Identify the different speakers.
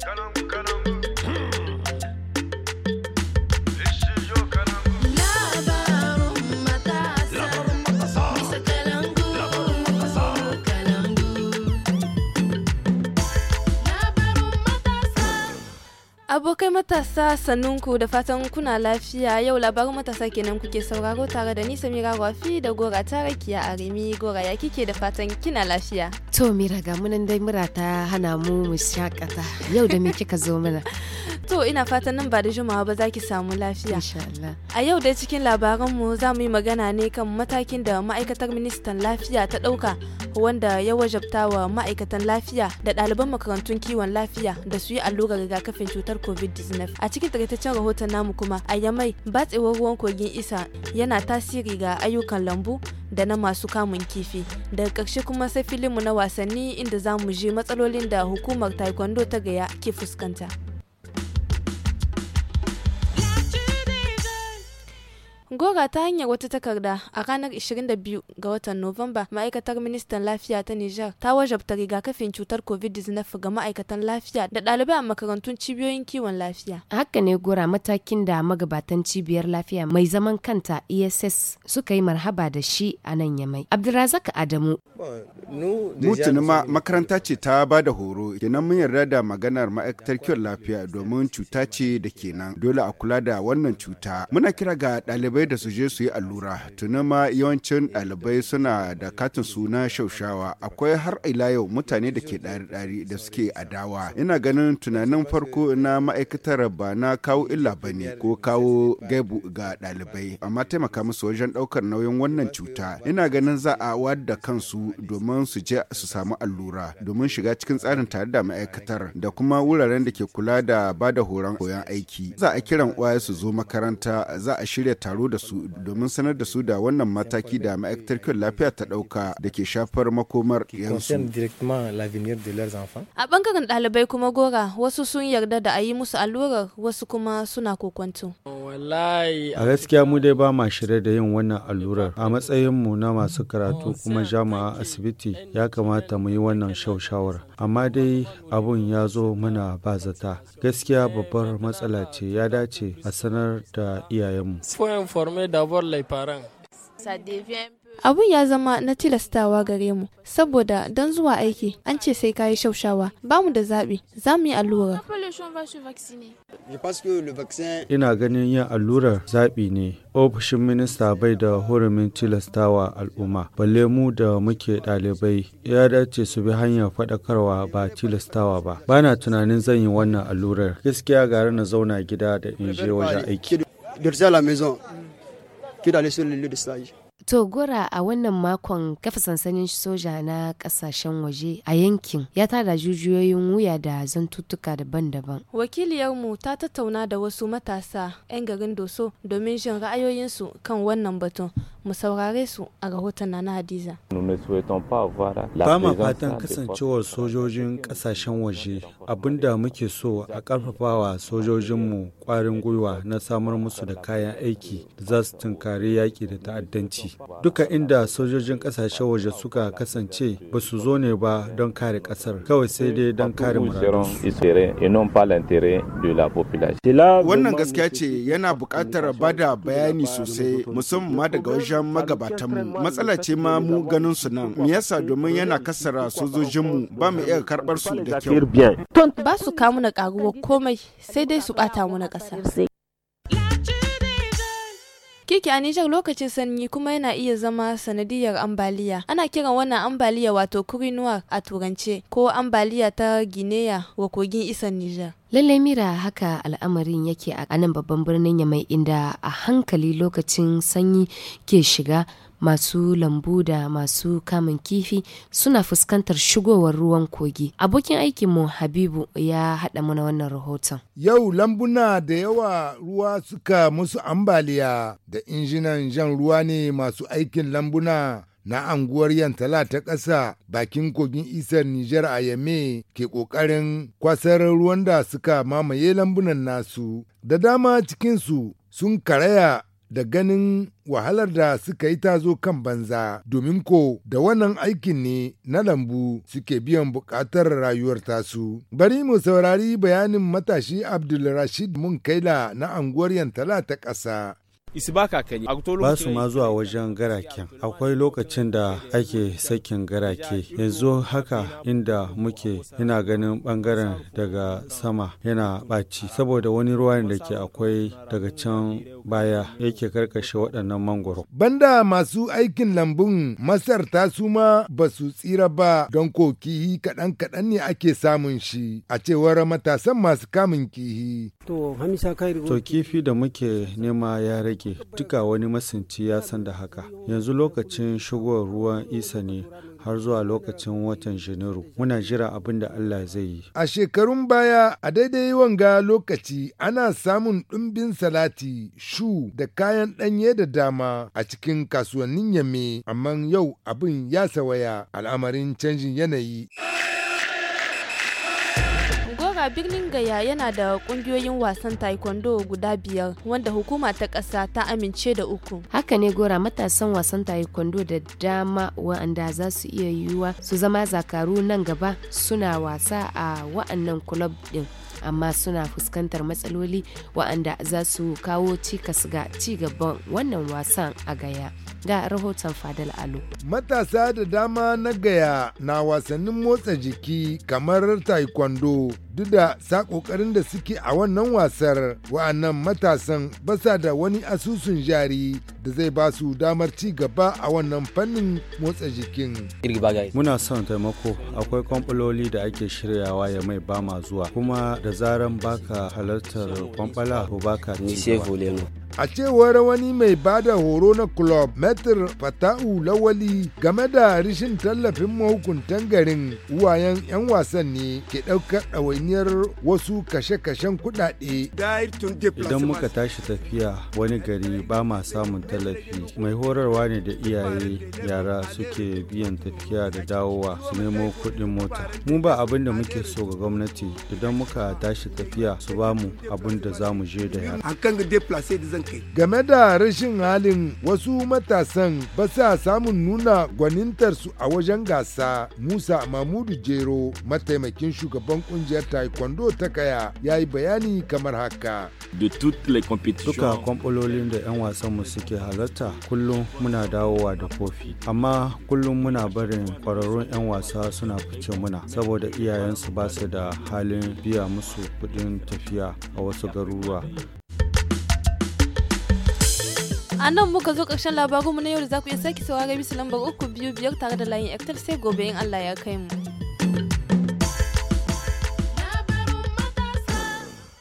Speaker 1: Canam, canam.
Speaker 2: Abokai matasa sannunku da fatan kuna lafiya yau labarin matasa kenan kuke sauraro tare da ni Samira wafi da Gora Tarakiya a Remi Gora ya kike da fatan kina lafiya.
Speaker 1: To Mira ga munan dai mura ta hana mu mu shakata yau da me kika zo mana.
Speaker 2: To ina fatan nan ba da jimawa ba za ki samu lafiya. A yau dai cikin labaranmu za mu yi magana ne kan matakin da ma'aikatar ministan lafiya ta ɗauka wanda ya wajabta wa ma'aikatan lafiya da ɗaliban makarantun kiwon lafiya da su yi allurar rigakafin cutar COVID-19. A cikin takaitaccen rahoton namu kuma a Yamai batsewar ruwan kogin Isa yana tasiri ga ayyukan lambu da na masu kamun kifi daga ƙarshe kuma sai filinmu na wasanni inda za mu je matsalolin da hukumar taekwondo ta gaya ke fuskanta. Goga ta hanyar wata takarda a ranar 22 ga watan Nuwamba ma'aikatar ministan lafiya ta Nijar ta wajabta rigakafin cutar COVID-19 ga ma'aikatan lafiya da ɗalibai a makarantun cibiyoyin kiwon lafiya. Haka
Speaker 1: ne gora matakin da magabatan cibiyar lafiya mai zaman kanta ESS suka yi marhaba da shi a nan Yamai. Abdulrazak Adamu.
Speaker 3: mutunin makaranta ce ta ba da horo kenan mun yarda da maganar ma'aikatar kiwon lafiya domin cuta ce da kenan dole a kula da wannan cuta. Muna kira ga ɗalibai ɗalibai da su je su yi allura tuni ma yawancin ɗalibai suna da katin suna shaushawa akwai har ila yau mutane da ke ɗari-ɗari da suke adawa ina ganin tunanin farko na ma'aikatar ba na kawo illa ba ne ko kawo gaibu ga ɗalibai amma taimaka musu wajen ɗaukar nauyin wannan cuta ina ganin za a wadda kansu domin su je su samu allura domin shiga cikin tsarin tare da ma'aikatar da kuma wuraren da ke kula da ba da horon koyon aiki za a kiran uwaye su zo makaranta za a shirya taro da su domin sanar da su da wannan mataki da ma'aikatar kiwon lafiya ta dauka da ke shafar makomar yansu.
Speaker 2: A bangaren ɗalibai kuma gora wasu sun yarda da a yi musu allurar wasu kuma suna kokwanto.
Speaker 4: A gaskiya mu dai ba ma shirya da yin wannan allurar a matsayin mu na masu karatu kuma jama'a asibiti ya kamata mu yi wannan shaushawar amma dai abun ya zo mana ba zata gaskiya babbar matsala ce ya dace a sanar da iyayenmu.
Speaker 2: former d'abord les parents. Abun ya zama na tilastawa gare mu, saboda don zuwa aiki an ce sai kayi shaushawa, ba mu da zaɓi, za mu yi allura.
Speaker 4: Ina ganin yin allurar zaɓi ne, ofishin minista bai da hurumin tilastawa al'umma, balle mu da muke ɗalibai, ya dace su bi hanyar faɗakarwa ba tilastawa ba. Bana tunanin zan yi wannan allurar, gaskiya gara na zauna gida da in je wajen aiki. que ne sur les da
Speaker 1: To gora a wannan makon kafa sansanin soja na kasashen waje a yankin ya tada jujuyoyin wuya da zantuttuka daban-daban.
Speaker 2: mu ta tattauna da wasu matasa 'yan garin Doso domin jin ra'ayoyinsu kan wannan batun. mu saurare su a rahoton na Hadiza.
Speaker 3: Ba fatan kasancewar
Speaker 4: sojojin kasashen waje abinda muke so a karfafawa sojojinmu kwarin gwiwa na samar musu da kayan aiki da za su tunkari yaƙi da ta'addanci. Duka inda sojojin kasashen waje suka kasance ba su zo ne ba don kare ƙasar kawai
Speaker 3: sai dai don kare Wannan gaskiya ce yana buƙatar bada bayani sosai musamman daga waje wajen magabatanmu matsala ce ma mu ganin su nan me yasa domin yana kasara sojojinmu ba mu iya karbar su da kyau
Speaker 2: ba su kamu na karuwar komai sai dai su bata mu na ƙasa Kiki a Nijar lokacin sanyi kuma yana iya zama sanadiyar ambaliya. Ana kiran wannan ambaliya wato kurinuwa a turance ko ambaliya ta Gineya wa kogin isan Nijar.
Speaker 1: Lallai mira haka al'amarin yake a nan babban birnin Yamai inda a hankali lokacin sanyi ke shiga masu lambu da masu kamun kifi suna fuskantar shigowar ruwan kogi. Abokin mu Habibu ya haɗa mana wannan rahoton. Yau lambuna
Speaker 5: da yawa ruwa suka musu ambaliya da injinan jan ruwa ne masu aikin lambuna na anguwar Yantala ta ƙasa bakin kogin isar Nijar a Yame ke ƙoƙarin kwasar ruwan da suka mamaye lambunan nasu. Da dama cikinsu sun karaya da ganin wahalar da suka yi tazo kan banza domin ko da wannan aikin ne na lambu suke biyan buƙatar rayuwar tasu. Bari mu saurari bayanin matashi Abdulrashid Munkaila na anguwar Yantala ta ƙasa. ba su ma
Speaker 4: zuwa wajen garaken akwai lokacin da ake sakin garake yanzu haka inda muke yana ganin bangaren daga sama yana ɓaci saboda wani ruwan da ke akwai daga can baya yake karkashe waɗannan mangoro
Speaker 5: banda masu aikin lambun masar ta suma ba su tsira ba don ko kihi kaɗan kaɗan ne ake samun shi a cewar matasan masu kamun kihi to
Speaker 4: kifi da muke nema ya rage yake duka wani masinci ya san da haka yanzu lokacin shigowar ruwan isa ne har zuwa lokacin watan janairu muna jira abin da allah zai yi
Speaker 5: a shekarun baya a daidai wanga lokaci ana samun ɗumbin salati shu da kayan ɗanye da dama a cikin kasuwannin yame amma yau abin ya sawaya al'amarin canjin yanayi
Speaker 2: haka birnin Gaya yana da kungiyoyin wasan taekwondo guda biyar wanda hukuma ta ƙasa ta amince da uku.
Speaker 1: Haka ne gora matasan wasan taekwondo da dama wa'anda za su iya yiwuwa su zama zakaru nan gaba suna wasa a wa'annan kulob din. amma suna fuskantar matsaloli wa'anda za su kawo cikas ga cigaban wannan wasan a gaya ga rahoton fadal alo
Speaker 5: matasa da dama na gaya na wasannin motsa jiki kamar taekwondo duk da sa kokarin da suke a wannan wasar wa'annan matasan basa da wani asusun jari da zai ba su damar ci gaba a wannan fannin motsa jikin.
Speaker 4: Muna son taimako akwai kwamfaloli da ake shiryawa ya mai bama zuwa kuma da zaran baka halartar kwamfala ko baka ci
Speaker 5: A cewar wani mai ba da horo na club Metr Fata'u Lawali game da rishin tallafin mahukuntan garin uwayen 'yan wasan ne ke daukar ɗawainiyar wasu kashe-kashen kudade. Idan muka
Speaker 4: tashi tafiya wani gari ba ma samun tallafi mai horarwa ne da iyaye yara suke biyan tafiya da dawowa su nemo kuɗin mota. Mu ba abin da muke so ga gwamnati idan muka tashi tafiya su ba mu abin da za mu je da
Speaker 3: yara. kai.
Speaker 5: Game da rashin halin wasu matasan ba sa samun nuna gwanintarsu a wajen gasa Musa Mamudu Jero mataimakin shugaban kungiyar taekwondo ta kaya ya yi bayani kamar haka. Duka
Speaker 4: kwamfololin da 'yan wasanmu suke halarta kullum muna dawowa da kofi amma kullum muna barin kwararrun 'yan wasa suna fice muna saboda iyayensu ba su da halin biya musu kuɗin tafiya a wasu garuruwa
Speaker 2: a nan muka zo ƙarshen labarinmu na yau da za ku iya sake saurara bisa lambar uku biyu biyar tare da layin ektar sai gobe in allah ya kai mu